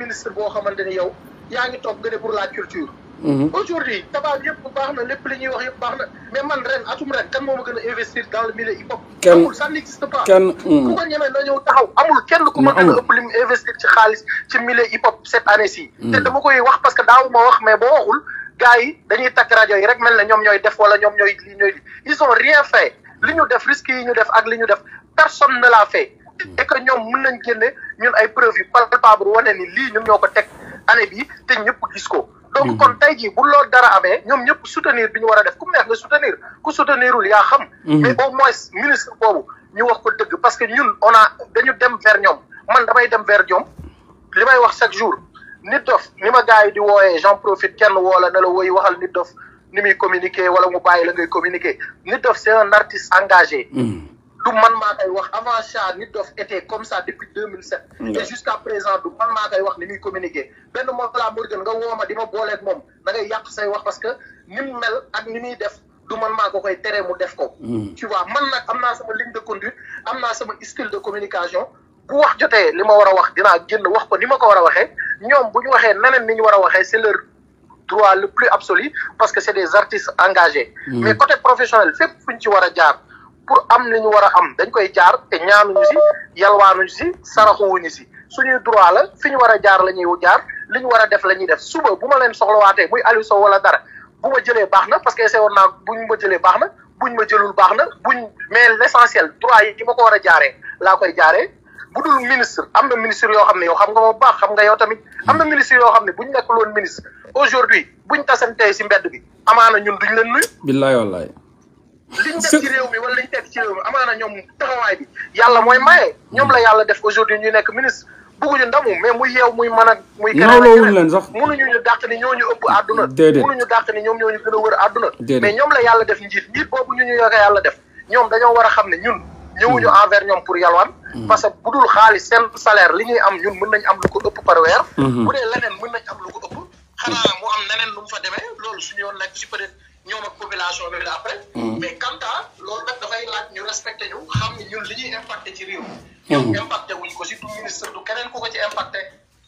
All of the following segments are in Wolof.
ministre boo xamante ni yow yaa ngi toog nga ne pour la culture. Mhm. aujourd'hui tabaab baax na lépp li ñuy wax yëpp mais man ren atum ren kan moo ma gën a investir dans le hip hop. Mhm. amul kenn ku ko ñemee na ñëw ma gën a li mu investir ci xaalis ci milieu hip hop cette année ci. Mhm. te dama koy wax parce que daaw ma wax mais boo waxul gars yi dañuy takk rajo yi rek mel ne ñoom ñooy def wala ñoom ñooy li ñooy ils ont rien fait li ñu def risque yi ñu def ak li ñu def personne ne l'a fait. et ñoom mun nañ génne ñun ay preuve yu palpable wane ni lii ñun ñoo ko teg année bi te ñëpp gis ko. donc mm-hmm. kon tey jii bu loolu dara amee ñoom ñëpp soutenir bi ñu war a def ku neex nga soutenir ku soutenirul yaa xam. Mm-hmm. mais au moins ministre boobu ñu wax ko dëgg parce que ñun on a dañu dem ver ñoom man damay dem vers ñoom li may wax chaque jour nit dof ni ma gars yi di wooyee j'en profite kenn woo la woy waxal nit dof ni muy communiquer wala mu bàyyi la ngay communiquer nit dof c'est un artiste engagé. Mm-hmm. du man maa koy wax avant ça Nitdoff était comme ça depuis 2007. et jusqu'à présent du man maa koy wax ni muy communiquer benn Mollah Morgun nga wooma di ma booleeg moom da ngay yàq say wax parce que ni mu mel ak ni muy def du man maa koy tere mu def ko. Hmm. tu vois man na am naa sama ligne de conduite am na sama style de communication bu wax jotee li ma war a wax dinaa génn wax ko ni ma ko war a waxee ñoom bu ñu waxee neneen ni ñu war a waxee c'est leur droit le plus absolu parce que c'est des artistes engagés. Hmm. mais côté professionnel fu ñu ci war a jaar. pour am li ñu war a am dañ koy jaar te ñaanuñu si yalwaanuñu si saraxuwuñu si suñuy droit la fi ñu war a jaar la ñuy jaar li ñu war a def la ñuy def suba bu ma leen soxlawaatee muy Aliou wala dara bu ma jëlee baax na parce que essayé woon naa buñ ma jëlee baax na buñ ma jëlul baax na buñ mais l' essentiel droit yi ki ma ko war a jaaree laa koy jaaree bu dul ministre am na ministre yoo xam ne yow xam nga ma baax xam nga yow tamit am na ministre yoo xam ne buñ nekkul woon ministre aujourd'hui buñ tasantee si mbedd bi amaana ñun duñ leen nuyu. billaay wallaay. liñ def ci réew mi wala liñ teg ci réew mi amaana ñoom taxawaay bi yàlla mooy maye ñoom la yàlla def aujourd'hui ñu nekk ministre bëgguñu ndamu mais muy yeew muy mën a muy nawloowuñ leen sax mënuñu ñu dàq ni ñoo ñu ëpp àdduna déedéet mënuñu dàq ni ñoom ñoo ñu gën a wër àdduna mais ñoom la yàlla def njiit njiit boobu ñu ñu ko yàlla def ñoom dañoo war a xam ne ñun ñëwuñu hmm. envers ñoom pour yalwaan hmm. parce que bu dul xaalis seen salaire li ñuy am ñun mën nañ am lu ko ëpp par weer hmm. bu dee leneen mën nañ am lu ko ëpp xanaa mu am leneen lu mu fa demee loolu suñu yoon nekk si peut-être ñoom ak population bi la après. Mm-hmm. mais quant à loolu nag dafay laaj li ñuy impacté ci réew. ñoom mm-hmm. impacté wuñ ko si du keneen ku ko ci impacté.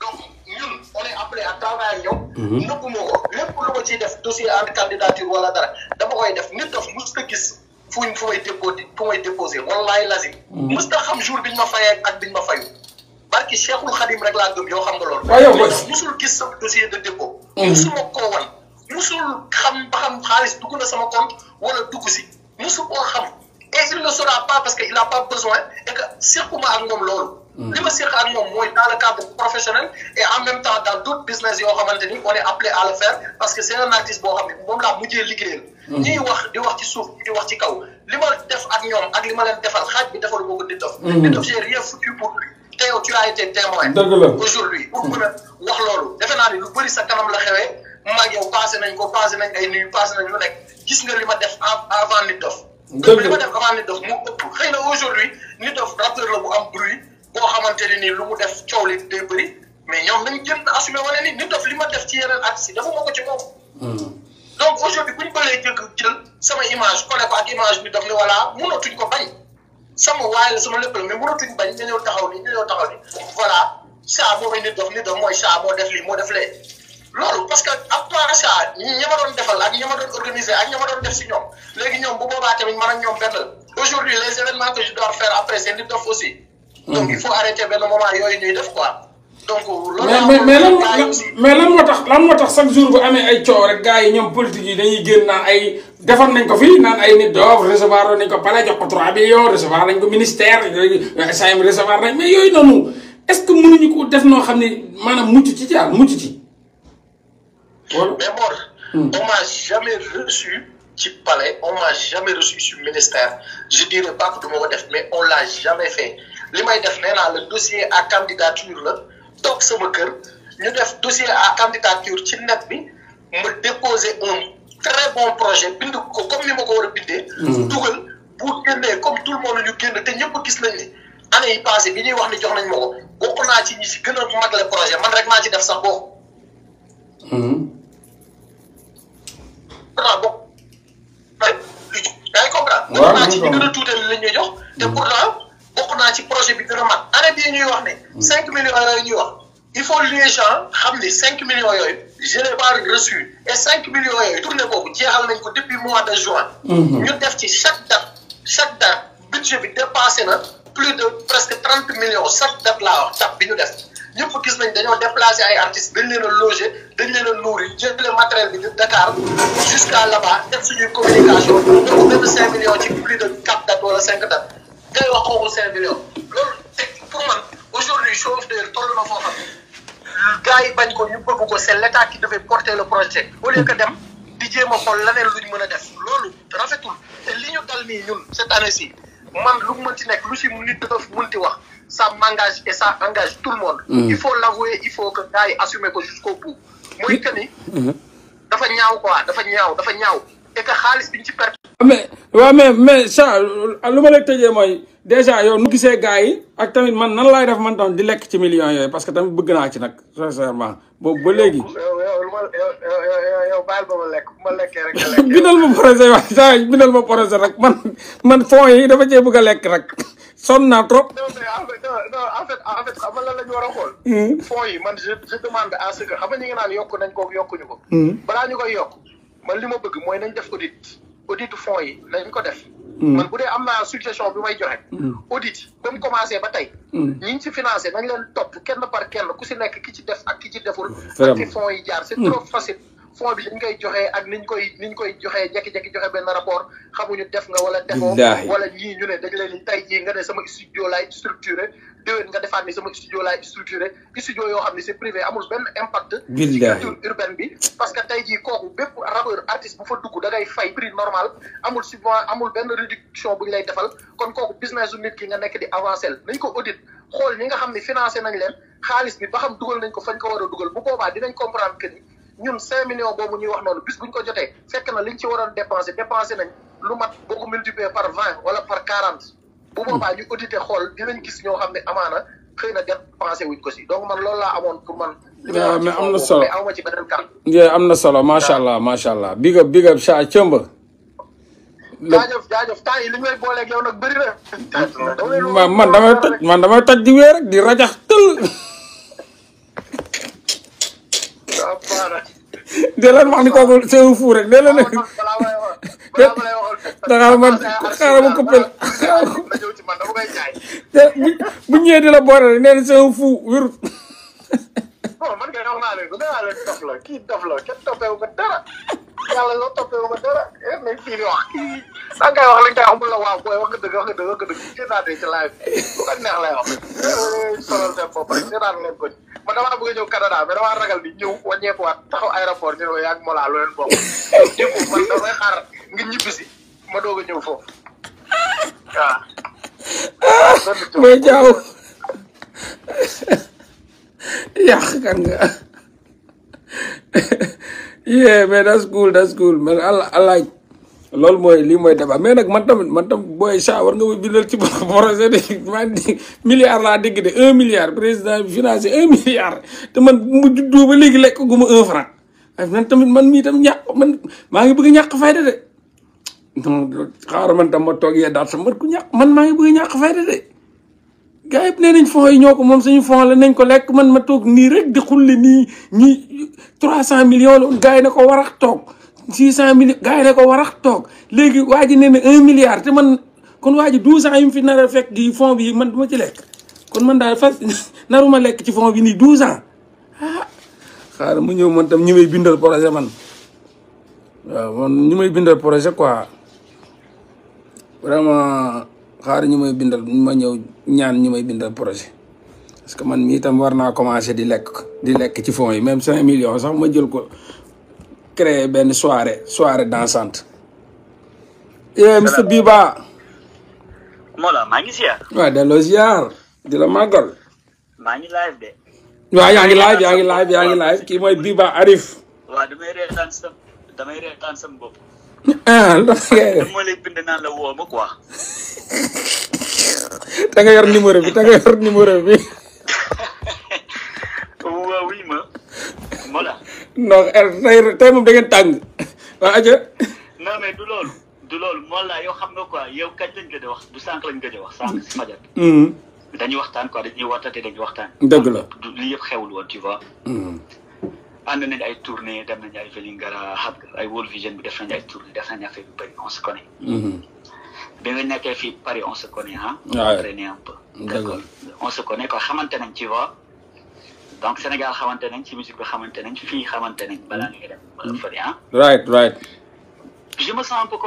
donc ñun on est appelé yow. Mm-hmm. nëbbu ma ko lépp lu ko ciy def dossier en candidature wala dara dama koy def nit daf mës gis fu fu may déposé fu may déposé wallaay lazim. a xam jour biñ ma fayee ak biñ ma fayu. barki Cheikhul Khadim rek laa gëm yoo xam nga lool waaw gis sa dossier de dépôt. mosuma koo musul xam ba xam xaalis dugg na sama compte wala dugg si musul xam et il ne saura pas parce que il a pas besoin et que sequma ak moom loolu. Hmm. li ma seq ak moom mooy dans le cadre professionnel et en même temps dans business yoo xamante ni on est appelé à le faire parce que c'est un boo xam ne moom laa mujjee liggéeyal. Hmm. ñuy wax di wax ci suuf di wax ci kaw li ma def ak ñoom ak li ma leen defal xaaj bi defal moo ko di def. Hmm. di def pour te yow tu as été aujourd'hui pour mën a wax loolu defe naa ni lu bëri sa kanam la xewee. maag yow passé nañ ko passé nañ ay nuyu passé nañ lu nekk gis nga li ma def avant nit dof li ma def avant nit dof mu xëy na aujourd'hui nit dof rappeur la am bruit boo xamante ne nii lu mu def coow li day bëri mais ñoom nañ jëm na assumé wane ni nit dof li ma def ci yeneen artistes yi dafa ko ci moom hmm. donc aujourd'hui bu ñu ko jëkk jël sama image collé ko ak image bi daf ni voilà mënatuñ ko bañ sama waaye la sama lépp la mais bañ ñu taxaw ni ñu ñëw taxaw ni voilà saa boobu nit dof nit dof mooy saa moo def lii moo def lee loolu parce que après ça ñi ma doon defal ak ñi ma def si ñoom léegi ñoom bu boobaa tamit man ñoom benn aujourd'hui les événements que je dois faire après c'est li dof aussi. donc moo tax lan moo tax chaque jour bu amee ay coow rek gars yi ñoom politique yi dañuy génn naan ay defar nañ ko fii ay nit d'oeuvre recevoir nañ ko palais jox ko 3 millions recevoir nañ ministère yooyu noonu est-ce que mënuñu ko def noo xam ne maanaam mucc ci jaar mucc ci. mais Mor. Mm. Mm. on m'a jamais reçu ci palais on m'a jamais reçu ci ministère je dirais pas que du ma ko def mais on l'a jamais fait li may def nee la le dossier à candidature la toog sama kër ñu def dossier à candidature ci net bi ma déposer un très bon projet bind ko comme ni ma ko war a bindee. Mm. dugal bu génnee comme tout le monde ñu génn te ñëpp gis nañ ni année yi passé bi ñuy wax ni jox nañ ma ko bokk naa ci ñi si gën a mag le projet man rek naa ci def sax boo. pourtant bokk yaa ngi comprendre. waaw naa ci ñu gën a tuutal li ñu jox. te mm. pourtant bokk naa ci projet bi gën a mag année bii ñuy wax ne. 5 mm. millions yooyu ñuy wax il faut les gens xam ne 5 millions yooyu je l'ai pas reçu et 5 millions yooyu tournée boobu jeexal nañ ko depuis mois de juin. Mm-hmm. ñu def ci chaque date chaque date budget bi dépassé na plus de presque 30 millions chaque date laa wax tab bi ñu def. ko gis nañ dañoo déplacé ay artistes dañ leen a logé dañ leen a nourri jëndale matériel bi de Dakar jusqu'à là-bas def suñuy communication donc benn cinq ci plus de quatre dates wala cinq dates ngay wax xooxul cinq millions loolu teg pour man aujourd'hui chauffeur toll na foo xam bañ ko ñu bëgg ko c'est l'état qui devait porter le projet au lieu que dem di jéem a xool leneen luñ mën a def loolu rafetul te li ñu dal nii ñun cette année ci man lu mu mënti nekk lu ci wax ça m'engage et ça engage tout le monde. Mm. il faut l'avouer il faut que yi assumer ko jusqu'au bout. mooy que mm. mm-hmm. dafa ñaaw ko dafa ñaaw dafa ñaaw et que xaalis bi ñu ci perte. Ah, mais waaw mais mais ça lu ma lay tëjee mooy déjà yow nu gisee gars yi ak tamit man nan laay ref man tam di lekk ci million yooyu parce que tamit bëgg naa ci nag sincèrement boobu ba léegi. yow baal ba lekk bu ma lekkee rek. bindal ma projet rek man man fonds yi dafa cee bëgg a lekk rek. sonn naa trop. non en fait en fait xam la ñu war a hmm. yi man je je demande à ce que xam nga ñu ngi naan yokk nañ ko yokkuñu ko. Hmm. balaa ñu koy yokk man li ma bëgg mooy nañ def audit audit fonds yi nañ ko def. Hmm. man bu dee am naa suggestion bi may joxe. audit ba mu commencé ba tey. ñi si ci financé nañ leen topp kenn par kenn ku si nekk ki ci def ak ki ci deful. ak yi jaar c'est trop facile. fond bi liñ koy joxee ak niñ koy niñ koy joxee jekki-jekki joxe benn rapport xamuñu def nga wala defoo wala ñii ñu ne dañ leen tey jii nga ne sama studio laay structuré déwén nga defaat ni sama studio laay structuré studio yoo xam ne c'est privé amul benn impact ci culture urbaine bi parce que tey jii kooku bépp rappeur artiste bu fa dugg dangay fay prix normal amul subvention amul benn réduction bu ñu lay defal kon kooku business u nit ki nga nekk di avancé nañ ko audit xool ñi nga xam ne financé nañ leen xaalis bi ba xam dugal nañ ko fañ ko war a dugal bu boobaa dinañ comprendre que ñun 5 millions boobu ñuy wax noonu bis bu ko jotee fekk na liñ ci waroon dépensé dépensé nañ lu mat boo ko multiplié par 20 wala par 40. bu hmm. boobaa ñu audité xool dinañ gis ñoo xam ne amaana xëy na dépensé wuñ ko si donc man loolu laa amoon pour man. li am na solo aw ma ci solo macha allah macha allah big up big up Cha Thiomba. jaajëf jaajëf temps yi li ñu may booleeg yow nag bëri na. man damay toj man di rajax tël. a leen ma ni kooku c'est fou rek de leen ah, ma coupé bu bu ñëwee di la boole rek nee na c'est fou wér. bon oh, man kay wax naa leen ko nee naa leen yàlla wax da ngay wax li la waaw wax nga dëgg wax nga dëgg wax nga dëgg seetaatee ci live ko neex lay wax. solal seen bopp rek seetaat leen ko man damaa bëgg a ñëw Canada mais damaa ragal di ñëw wàññeekuwaat taxaw aéroport ñu ne yaa ngi Mollah lu leen bokk. dégg nga xaar nga ñibbisi ma doog a ñëw foofu waaw. mais jaaw yàq kan nga. yeah mais that's cool that's cool man I loolu mooy lii mooy débat mais nag man tamit man tam booy Cha war nga ma bindal ci projet de man milliard laa dégg de un milliard président bi financé un milliard te man mu juddoo ba léegi lekk gu un franc ay man tamit man mii tam ñàkk man maa ngi bëgg a ñàkk fayda de non xaaral man tam ma toog yee daal sax man ku ñàkk man maa ngi bëgg a ñàkk fayda de gars yëpp nee nañ fonds yi ñoo ko moom suñu fonds la nañ ko lekk man ma toog nii rek di xulli nii ñi trois cent million la gars yi ne ko warax toog six cent millions gars yi ne ko warax toog léegi waa ji ne na un milliard te man kon waa ji douze ans yu mu fi nar a fekk gi fonds bi man duma ci lekk kon man daal fas naruma lekk ci fonds bi nii douze ans ah xaaral mu ñëw man tam ñu may bindal projet man waaw man ñu may bindal projet quoi xaar ñu may bindal ma ñëw ñaan ñu may bindal projet parce que man mii tam war naa commencer di lekk di lekk ci fonds yi même cinq millions sax ma jël ko créer benn soirée soirée dansante. yee monsieur Biba. Mola maa ngi ziar. waaw delloo ziar di la màggal. maa ngi live de. yaa ngi live yaa ngi live yaa ngi live kii mooy Biba Arif. waaw damay ah ndax. moo lay bind naan la woo ma quoi. da nga yor numéro bi da nga yor numéro bi. waaw oui ma. voilà. non tey moom da ngeen tàng. waaw aja. non du loolu. du loolu moo la yow xam nga quoi yow kañ lañ gëj a wax du sànq lañ gëj a wax sànq si Madiack. Hmm. dañuy waxtaan quoi dañuy waxtaatee dañuy waxtaan. dëgg la lii yëpp xewul ànd nañ ay tournée dem nañ ay Vélingara xam nga ay World Vision bi def nañ ay tournée def nañ affaire yu bëri on se connaît. Mhm. bi nga nekkee fii Paris on se connaît ah. waaw traîné un peu. on se connaît quoi xamante nañ tu vois. donc Sénégal xamante nañ ci musique bi xamante nañ fii xamante nañ balaa ngay dem bala fële right right. je me sens un peu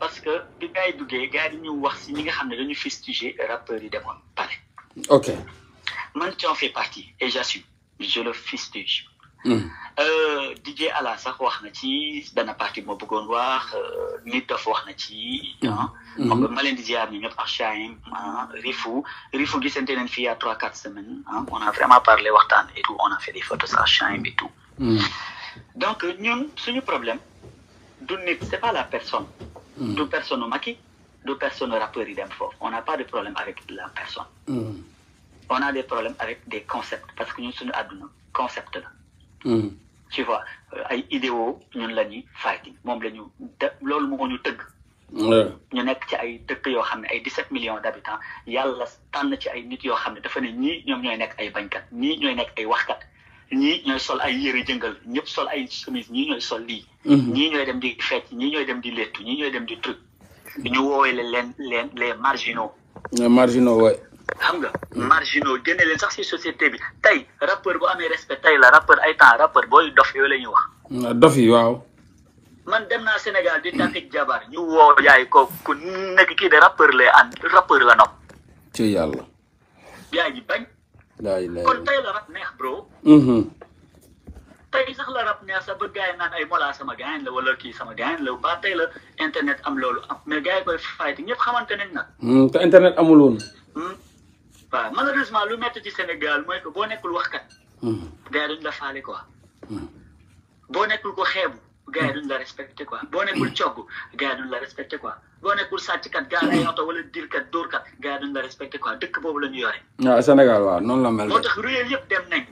parce que bi gars yi duggee gars yi ñu wax si ñi nga xam ne dañu fustigé rappeurs yi demoon pare. ok. man tu en fais partie et Euh, DJ Ala sax wax na ci benn parti moo bëggoon wax euh, nit dof wax na ci. Mhm. Ah. Mhm. xam nga ma leen di ziar ñu ñëpp ak Chaim ah, Rifou Rifou gisante nañ fi il y a trois quatre semaines ah. on a vraiment parlé waxtaan et tout on a fait des photos ak Chaim et tout. Mhm. donc euh, ñun suñu problème du nit c'est pas la personne. du personne Macky du personne rappeur yi on n'a pas de problème avec la personne. on a des problèmes avec des concepts parce que ñun suñu àdduna concept la. tu vois euh, ay idéaux ñun la ñuy fighting moom lañu ñu loolu moo ñu tëgg. ñu nekk ci ay dëkk yoo xam ne ay 17 millions d' habitants yàlla tànn ci ay nit yoo xam ne dafa ne ñii ñoom ñooy nekk ay bañkat ñii ñooy nekk ay waxkat ñii ñooy sol ay yëre jëngal ñëpp sol ay chemise ñii ñooy sol lii. Mhm. ñii ñooy dem di fecc ñii ñooy dem di lettu ñii ñooy dem di truc. ñu woowee leen leen les marginaux. les marginaux xam nga marginaux génne leen sax si société bi tey rappeur bu amee respect tey la rappeur ay temps rappeur booy dof yooyu la ñuy wax. Ah, dof yi waaw. man dem naa Sénégal di takk jabar ñu woo yaay ko ku nekk kii de rappeur lay ànd rappeur la nopp. ci yàlla. yaay ji bañ. yaay la kon tey la rap neex bro. Mm-hmm. tey sax la rap neex ba gars yi ay Mollah sama gaañ la wala kii sama gaañ la ba la internet am loolu am mais gars yi koy fayte ñëpp xamante nañ nag. Mm, te internet amul woon. Hmm? waaw malheureusement lu métti ci Sénégal mooy que boo nekkul waxkat. Hmm. gars yi duñ la faale ko hmm. boo nekkul ko xeebu gars yi la respecté ko boo nekkul cogg gars yi duñ la respecté ko boo nekkul sàcckat gars yi oto wala dirkat dóorkat gars yi duñ la respecté ko dëkk boobu la ñu yore. waaw Sénégal waaw noonu la mel. moo tax réew yëpp dem nañ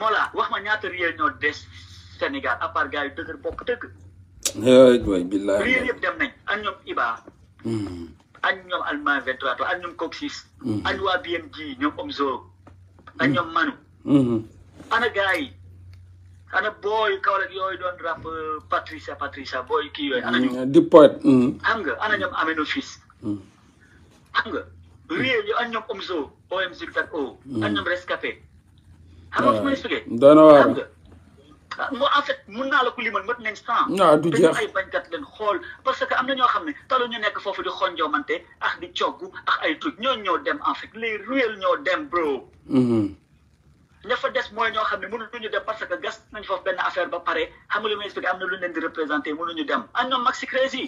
Mollah wax ma ñaata réew ñoo des Sénégal à part gars yu dëgër bopp dëgg. yooyu billaahi réew yëpp dem nañ ak ñoom Iba. Hmm. ak ñoom allemand 23 to ak ñoom Coccis. Mhm. ak waa BMG ñoom Omzo. ak mhm. ñoom Manu. Mhm. ana gars yi ana booy Kaolack yooyu doon rap euh, Patricia Patricia booy kii yooyu di poète. xam ana ñoom mm, mm. Ameno Fils. Mm. xam nga réew yi ak ñoom Omzo OMG 4O. ak ñoom Rescapé. xam nga fu may sugee. doon na waar xam nga. Ah, moo en fait mun naa la ko limal mët nañ sans ah, dañu ay bañkat leen xool parce que am na ñoo xam ne talu ñu nekk foofu di xonjoomante ak di coggu ax ay truc ñoo ñoo dem en fait les ruelles ñoo dem bro mm-hmm. ña fa des mooy ñoo xam ne ñu dem parce que gas nañ foofu benn affaire ba pare xam nga may expliqué am na lu leen di représenté mënuñu dem ak ñoom maxi crazy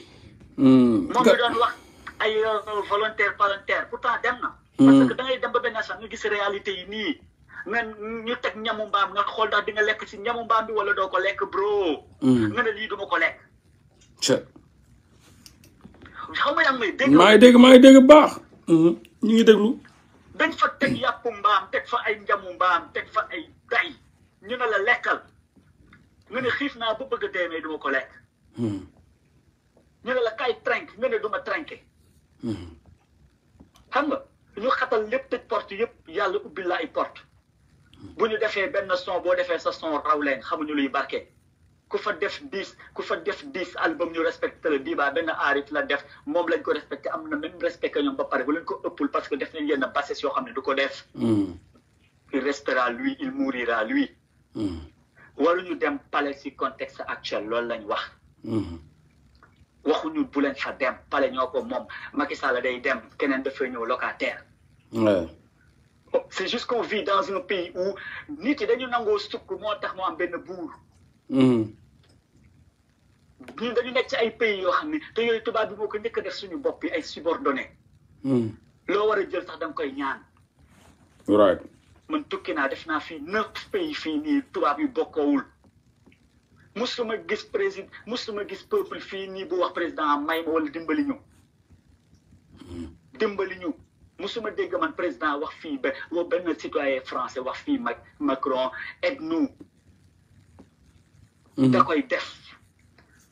mm. moom mi doon wax ay euh, volontaire volontaire pourtant dem na mm. parce que da dem ba benn sax nga gis réalité yi nii nga ñu teg ñamu mbaam nga xool ndax di nga lekk si ñamu mbaam bi wala doo ko lekk bro. Mm. nga ne lii du ko lekk. xam nga yaa ngi may dégg. maa dégg maa ngi dégg baax. Mm-hmm. ñu ngi déglu. dañ fa teg yàpp mbaam teg fa ay njamu mbaam teg fa ay day ñu ne la lekkal nga ne xiif naa ba bëgg a dee ko lekk. Mm-hmm. ñu ne la kay trenk nga ne du ma tranke. Mm-hmm. xam nga ñu xatal lépp tëj porte yëpp yàlla ubbil la ay porte bu ñu defee benn son boo defee sa son raw leen xamuñu luy barke. ku fa def dix ku fa def dix album ñu respecté le Diba benn aarit la def moom lañ ko respecté am na même respect que ñoom ba pare bu leen ko ëppul parce que def nañ yenn basses o xam ne du ko def. Hmm. il restera lui il mourira lui. Hmm. waruñu dem palais ci contexte actuel loolu lañ wax. Hmm. waxuñu buleen leen fa dem palais ñoo ko moom Macky Sall day dem keneen dafay ñëw locataire. c'est jusqu'on vit dans un pays où nit yi dañu nangoo sukk moo tax moo am benn buur. Hmm. ñun dañu nekk ci ay pays yoo xam ne te yooyu tubaab bi moo ko njëkk def suñu bopp yi ay subordonné. Hmm. loo war a jël tax da koy ñaan. man tukki naa def naa fii neuf pays fii nii tubaab yu bokkoowul. musuma gis président musuma gis peuple fii nii bu wax président may ma wala dimbali ñu. Hmm. dimbali ñu. musuma dégg man président wax fii ba benn citoyen français wax fii Mac Macron aide nous. Mm-hmm. da koy def.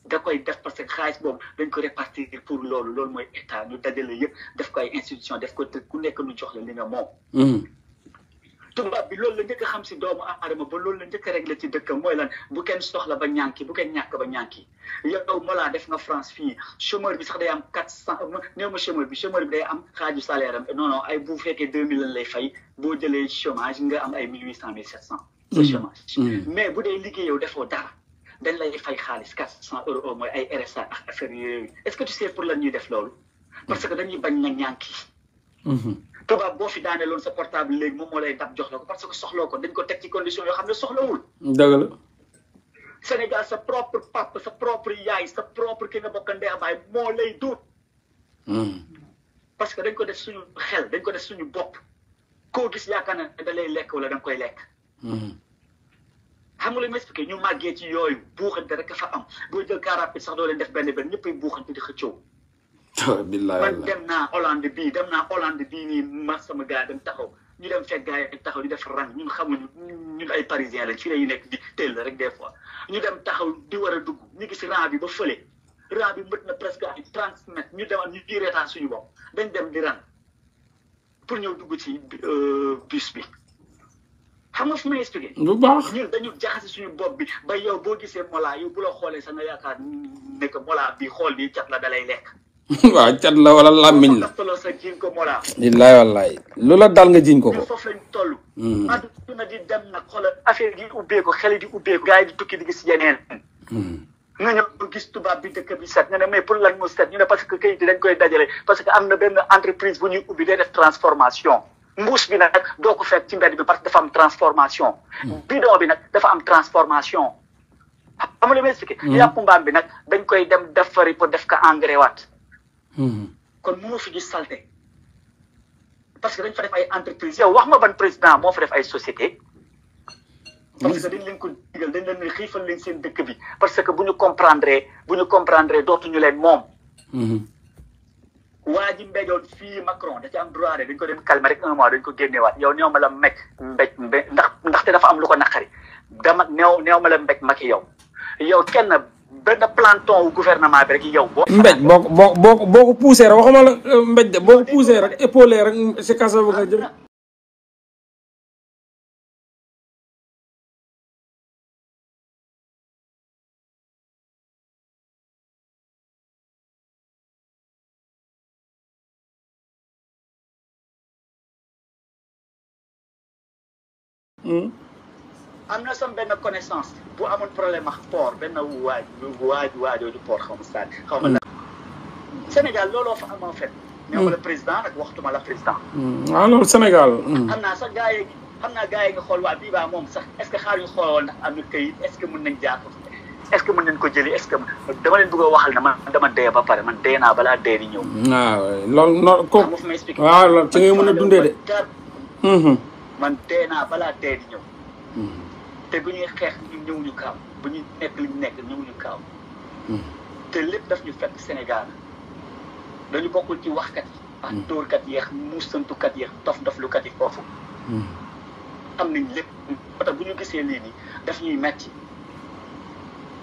da koy def parce que xaalis boobu dañ ko répartir pour loolu loolu mooy état ñu dajale yëpp def ko ay institution def ko te ku nekk lu jox la li nga tubaab bi loolu la njëkk a xam si doomu aadama ba loolu la njëkk a réglé ci dëkkam mooy lan bu kenn soxla ba ñànki bu kenn ñàkk ba ñànki yow Mollah def nga France fii chômeur bi sax day am quatre cent néew ma bi chômeur bi day am xaaju salaire am non non ay bu fekkee deux mille lañ lay fay boo jëlee chômage nga am ay mille huit cent mille sept cent sa mm. chômage mm. mais bu dee liggéey defoo dara dañ lay fay xaalis quatre cent au mooy ay RSA sa affaire yooyu est ce que pour lan ñuy def loolu parce que dañuy bañ na ñànki tubaab boo fi daaneeloon sa portable léegi moom moo lay dab jox la parce que soxloo ko dañ ko teg ci condition yoo xam ne soxlawul. dëgg la. Sénégal sa propre papa sa propre yaay sa propre ki nga bokk ndey abaay moo lay duut. Hmm. parce que dañ ko def suñu xel dañ ko def suñu bopp koo gis yaakaar na da lay lekk wala da koy lekk. Hmm. xam nga lu ma expliqué ñu màggee ci yooyu buuxante rek fa am boo jël car rapide sax doo leen def benn benn ñëppay buuxante di xëccoo. billaay man dem naa Hollande bii dem naa Hollande bi nii ma sama gars dem taxaw ñu dem fekk gars yi taxaw ñu def rang ñun xamuñu ñun ay parisiens la ci la ñu nekk di teel rek des fois ñu dem taxaw di war a dugg ñu gis rang bi ba fële rang bi mët na presque ay trente mètres ñu demoon ñu di reetaan suñu bopp dañ dem di pour ñëw dugg ci euh, bus bi. xam nga fu may bu baax ñun dañu jaxase suñu bopp bi ba yow boo gisee molaa yow bu la xoolee sax nga yaakaar ne que mola bi xool nii cat la dalay lekk. waaw cat la wala làmmiñ la. billaay wallaay lu la dal nga jiñ ko ko. foofu lañ toll. Hmm. àdduna di dem nag xoolal affaire yi ubbeeku xel di ubbeeku. gars yi di tukki di gis yeneen. Hmm. nga ñëw gis tubaab bi dëkk bi set nga ne mais pour lan mu set parce que kayit yi dañ koy dajale parce que am na benn entreprise bu ñuy ubbi def transformation. mbuus bi nag doo ko fekk ci mbedd bi parce que dafa am transformation. Hmm. bidon bi nag dafa am transformation. xam nga li may bi nag dañ koy dem def fari pour def ko engrais waat. Mm-hmm. kon mënoo fi gis salté parce que dañ fa def ay entreprise yow wax ma ban président moo fa def ay société parce que dañ leen ko digal dañ leen ne xiifal leen seen dëkk bi parce que bu ñu comprendre bu ñu comprendre dootuñu leen moom mm-hmm. waa ji mbéjoon fii Macron da ci am droit dañ ko dem calmer rek un mois dañ ko génneewaat yow neew ma la mekk mbéj ndax ndaxte dafa am lu ko naqari dama neew neew ma la mbéj maki yow yow kenn benn planton wu gouvernement bi rek yow. boo ko mbéj boo ko boo ko boo ko poussé rek waxuma la euh, mbéj de boo ko poussé rek épaulé rek si kasa bu am na sama benn connaissance bu amoon problème ak port benn waaj waaj waajoo du port xaw ma stade xaw ma mm. la Sénégal looloo fa am en fait ñoo mm. ma la président nag waxtuma la président waaw mm. ah, loolu Sénégal xam naa sax gars yi xam naa gars yi nga xool waa bii baa moom sax est ce que xaar ñu xooloon ndax am na këyit est ce que mën nañ jaar est ce que mën nañ ko jëli est ce que dama leen bëgg a waxal ne man dama dee ba pare man dee naa balaa dee di ñëw waaw ah, loolu noonu ko moo fi may expliqué waaw ah, loolu ci ngay mën a dundee de man dee naa balaa dee di ñëw te bu ñuy xeex ñun ñëwuñu kaaw bu ñu nekk ñu nekk ñëwuñu kaaw hmm. te lépp daf ñu fekk Sénégal dañu bokkul ci waxkat yi hmm. ak yeex muusantukat yeex dof doflukat yi foofu hmm. am nañ lépp ba bu ñu gisee lii daf ñuy metti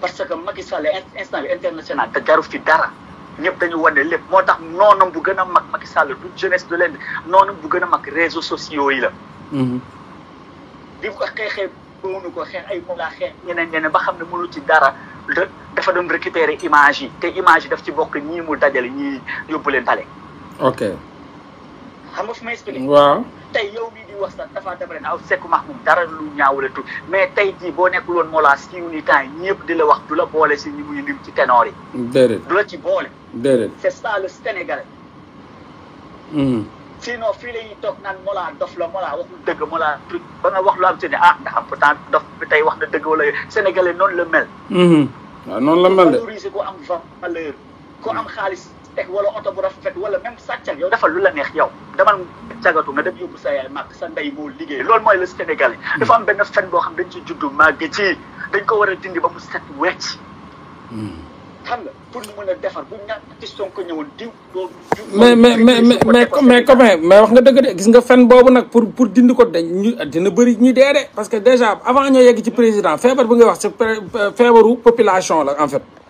parce que Macky Sall instant bi international te jaruf fi dara ñëpp dañu wane lépp moo tax noonam bu gën a mag Macky Sall du jeunesse du leen noonam bu gën a mag réseaux sociaux yi la di ko xeexee gëmuñu ko xeex ay moom laa xeex ñeneen ñeneen ba xam ne mënu ci dara dafa doon récupérer image yi te image yi ci bokk ñii mu dajale ñii yóbbu leen pale ok xam nga fu may expliqué waaw tey yow mii di wax sax dafa dem ren aw sekk max moom dara lu le tut mais tey jii boo nekkul woon Mollah siiw ni temps yi ñëpp di la wax du la boole si ñi muy ci ténor yi déedéet du la ci boole déedéet c'est ça le sinon fii la ñuy toog naan Mollah dof la Mollah waxul dëgg Mollah truc ba nga wax lu am ci ne ah ndax pourtant dof bi tey wax na dëgg wala sénégalais noonu la mel. Mhm. waaw noonu la mel de. valoriser ku am valeur ku am xaalis teg wala oto bu rafet wala même sàccal yow dafa lu la neex yow demal tagatu nga dem yóbbu sa yaay màgg sa ndey moo liggéey loolu mooy le sénégalais. Mhm. dafa am benn fen boo xam dañ ci juddu màgg ci dañ ko war a dindi ba mu set wecc. Mhm. xam pour ñu mën a defar bu ñàkk ci Sonko ñëwoon diw loolu. mais mais mais mais mais wax nga dëgg de gis nga fen boobu nag pour pour dindi ko dañ ñu dina bëri ñu dee parce que déjà avant ñoo yegg ci président feebar bu ngay wax ci euh, feebaru population la en fait.